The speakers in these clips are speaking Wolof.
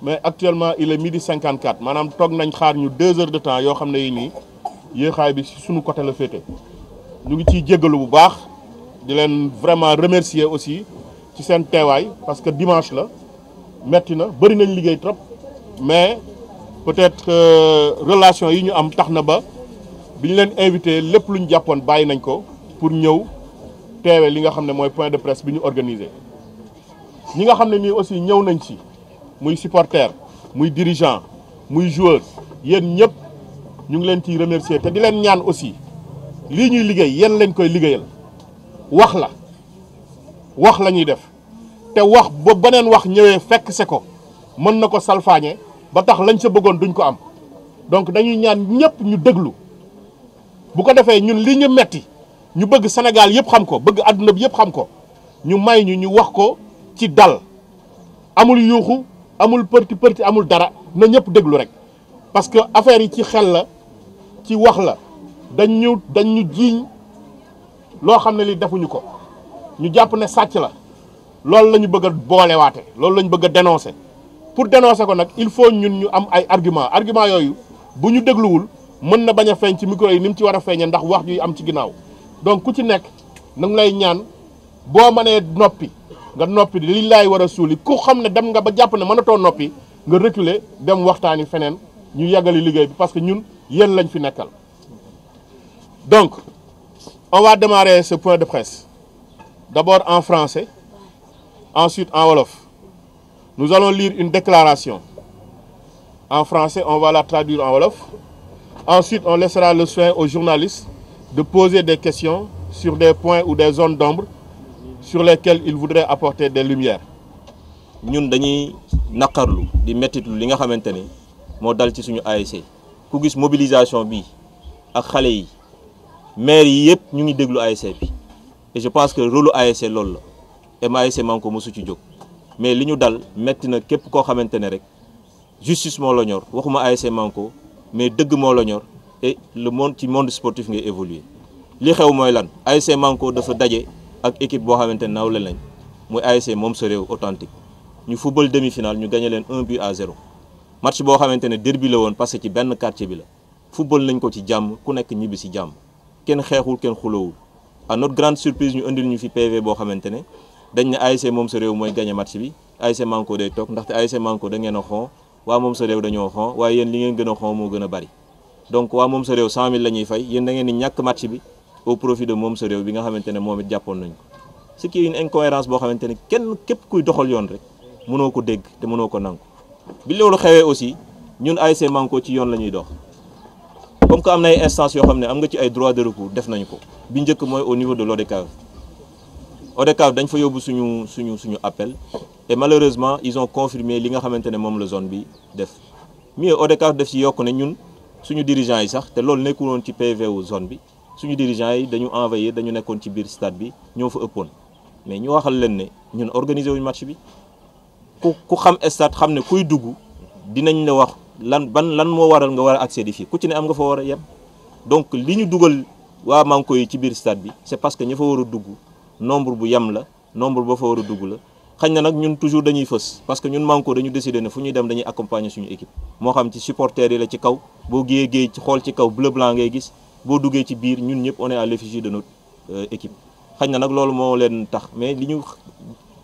mais actuellement il est midi 54 manam tok nañ xaar ñu 2 heures de temps yo xamné ne yi nii yéexaay bi ci suñu côté le féete ñu ngi ci jéggalu bu baax di leen vraiment remercier aussi ci sen téway parce que dimanche la metti na bari nañ liggéey trop mais peut-être euh, relation yi ñu am taxna ba bi ñu invité lepp lu ñu jàppoon nañ ko pour ñew téwé li nga xamné moy point de presse biñu organiser ñi nga xamné ni aussi ñew nañ ci muy supporter muy dirigeant muy joueur yéen ñep ñu ngi leen ci remercier te di leen ñaan aussi li ñuy liggéey yéen lañ koy liggéeyal wax la wax lañuy def te wax ba beneen wax ñëwé fekk sé ko mën na ko salfaañe ba tax lañ sa bëggoon duñ ko am donc dañuy ñaan ñëpp ñu déglu bu ko défé ñun li ñu metti ñu bëgg Sénégal yëpp xam ko bëgg aduna bi yëpp xam ko ñu may ñu ñu wax ko ci dal amul yuuxu amul përti përti amul dara na ñëpp déglu rek parce que affaire yi ci xel la ci wax la dañ ñu dañ ñu jiiñ loo xam ne li defuñu ko ñu jàpp ne sàcc la loolu lañu ñu bëgg a boolewaate loolu la ñu bëgg a dénoncer pour dénoncer ko nag il faut ñun ñu am ay argument argument yooyu bu ñu dégluwul mën na bañ a feeñ ci micro yi ni mu ci war a feeñee ndax wax juy am ci ginnaaw donc ku ci nekk nag lay ñaan boo mënee noppi donc on va démarrer ce point de presse d'abord en français ensuite en wolof nous allons lire une déclaration en français on va la traduire en wolof ensuite on laissera le soin aux journalistes de poser des questions sur des points ou des zones d'ombre sur lesquels il voudrait apporter des lumières ñun dañuy naqarlu di mettitlu li nga xamante ni moo dal ci suñu ASC ku gis mobilisation bi ak xale yi maire yi yëpp ñu ngi déglu ASC bi et je pense que rôle ASC loolu la MASC maa ngi ko ci jóg mais li dal metti na képp koo xamante rek justice moo la ñor waxuma ASC Manko mais dëgg moo la ñor et le monde ci monde sportif ngay évoluer li xew mooy lan ASC Manko dafa daje ak équipe boo xamante ne nawle lañ muy ASC moom sa réew authentique ñu football demi-finale ñu gagné leen un but à zéro match boo xamante ne derby la woon parce que ci benn quartier bi la football nañ ko ci jàmm ku nekk ñibbi si jàmm kenn xeexul kenn xulawul à notre grande surprise ñu indil ñu fi PV boo xamante ne dañ ne ASC moom sa réew mooy gagné match bi ASC Manko day toog ndaxte ASC Manko da ngeen a xon waa moom sa réew dañoo xon waaye yéen li ngeen gën a xon moo gën a bari donc waa moom sa réew 100000 la ñuy fay yéen da ngeen di ñàkk match au profit de moom sa réew bi nga xamante ne moom it nañ ko ce qui est une incohérence boo xamante ne kenn képp kuy doxal yoon rek mënoo ko dég, de mënoo ko nangu bi loolu xewee aussi ñun ASC Mankoo ci yoon la ñuy dox comme que am na ay instances yoo xam ne am nga ci ay droit de recours def nañ ko bi njëkk mooy au niveau de l'ordre ordre l'ODCAV ODCAV dañ fa yóbbu suñu suñu suñu appel et malheureusement ils ont confirmé li nga xamante ne moom la zone bi def mieux ODCAV def ci yokk ne ñun suñu dirigeants yi sax te loolu nekkuloon ci PV wu zone bi suñu dirigeants yi dañu envoyé dañu nekkoon ci biir stade bi ñoo fa ëppoon mais ñu waxal leen ne ñun organiser wuñ match bi ku ku xam stade xam ne kuy dugg dinañ la wax lan ban lan moo waral nga war a accéder fii ku ci ne am nga fa war a yem donc li ñu dugal waa manko yi ci biir stade bi c'est parce que ña fa war a dugg nombre bu yem la nombre ba fa war a dugg la xañ na nag ñun toujours dañuy fës parce que ñun manko dañu décider ne fu ñuy dem dañuy accompagner suñu équipe moo xam ci supporters yi la ci kaw boo géeyee ci xool ci kaw bleu blanc ngay gis boo duggee ci biir ñun ñëpp on est à l'effigie de notre euh, équipe xañ na nag loolu moo leen tax mais li ñu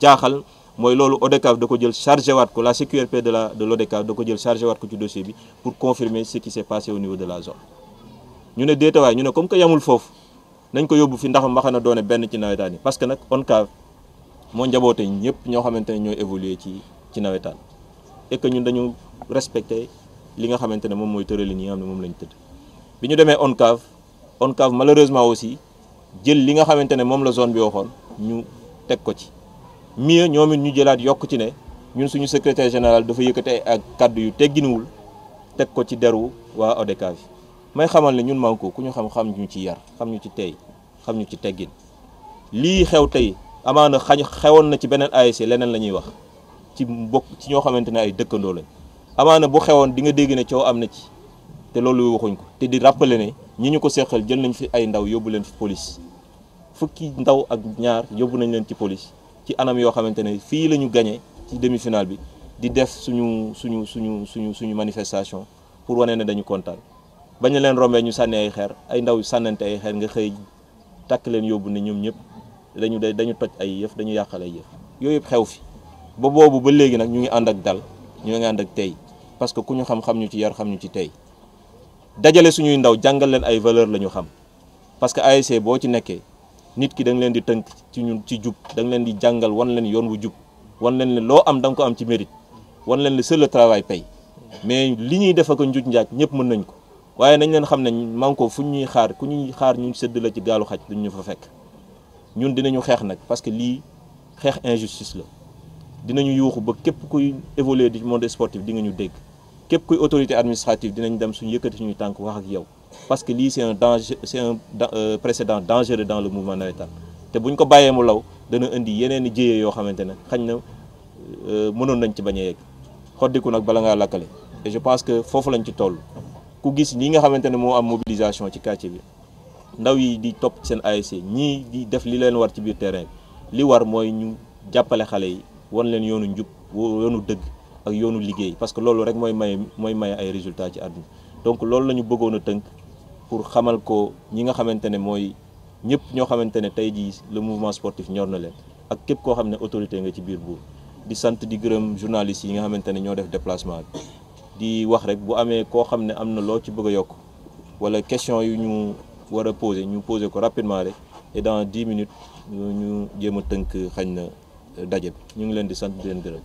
jaaxal mooy loolu ODCAV da ko jël chargé waat ko la CQRP de la de l'ODCAV da ko jël chargé waat ko ci dossier bi pour confirmer ce qui s'est passé au niveau de la zone ñu ne déetawaay ñu ne comme que yamul foofu nañ ko yóbbu fi ndax mbaxana doone benn ci nawetaan yi parce que nag ONCAV moo njaboote ñëpp ñoo xamante ne ñooy évoluer ci ci nawetaan et que ñun dañu respecter li nga xamante ne moom mooy tëralin yi nga xam ne moom lañ tëdd bi on demee on ONCAV malheureusement aussi jël li nga xamante ne moom la zone bi waxoon ñu teg ko ci mieux ñoom it ñu jëlaat yokk ci ne ñun suñu secrétaire général dafa yëkkate ak kàddu yu tegginuwul teg ko ci deru waa ODCAV yi may xamal ne ñun manko ku ñu xam xam ñu ci yar xam ñu ci tey xam ñu ci teggin lii xew tey amaana xañ xewoon na ci beneen ASC leneen la ñuy wax ci mbokk ci ñoo xamante ne ay dëkkandoo lañ amaana bu xewoon di nga dégg ne coow am na ci te loolu waxuñ ko te di rappeler ne ñi ñu ko sékkal jël nañ fi ay ndaw yóbbu leen fi police fukki ndaw ak ñaar yóbbu nañ leen ci police ci anam yo xamante fi lañu gagné ci demi-finale bi di def suñu suñu suñu suñu suñu manifestation pour wone ne dañu kontaan bañ leen rombé ñu sànni ay xër ay ndaw sànnante ay xër nga xey tak leen yóbbu ne ñoom ñëpp dañu dañu toj ay yef dañu yàqal yef yëf xew fi ba bobu ba légui nak ñu ngi and ak dal ñu ngi and ak tay parce que ku ñu xam-xam ñu ci yar xam ñu ci tay dajale suñuy ndaw jàngal leen ay valeur la ñu xam parce que ASC boo ci nekkee nit ki da leen di tënk ci ñun ci jub da nga leen di jàngal wan leen yoon wu jub wan leen ne loo am da ko am ci mérite wan leen ne seul le pay mais li ñuy def ak njaag njaaj ñëpp mën nañ ko waaye nañ leen xam ne manko fu ñuy xaar ku ñuy xaar ñu sëdd la ci gaalu xaj duñ ñu fa fekk ñun dinañu xeex nag parce que lii xeex injustice la dinañu yuuxu ba képp kuy évoluer du monde sportif di nga ñu dégg képp kuy autorité administrative dinañ dem suñu yëkkati suñuy tank wax ak yow parce que li c'est un danger c'est un euh, précédent dangereux dans le mouvement navétane té buñ ko bayé mu law dana indi yeneen i yo yoo xamante ne na euh, mënoon nañ ci bañ yegg xoddiku nak bala nga lakalé et je pense que fofu lañ ci toll ku gis lii nga xamante mo am mobilisation ci quartier bi ndaw yi di topp sen ASC ñi di def li leen war ci biir terrain li war moy ñu jappalé xalé yi won leen yoonu njub yoonu deug ak yoonu liggéey parce que loolu rek mooy may mooy may ay résultats ci àdduna donc loolu la ñu bëggoon a tënk pour xamal ko ñi nga xamante ne mooy ñëpp ñoo xamante ne tey jii le mouvement sportif ñor na leen ak képp koo xam ne autorité nga ci biir buur di sant di gërëm journalistes yi nga xamante ne ñoo def déplacement bi di wax rek bu amee koo xam ne am na loo ci bëgg a yokk wala question yu ñu war a poser ñu poser ko rapidement rek et dans dix minutes ñu jéem a tënk xañ na daje bi ñu ngi leen di sant di leen gërëm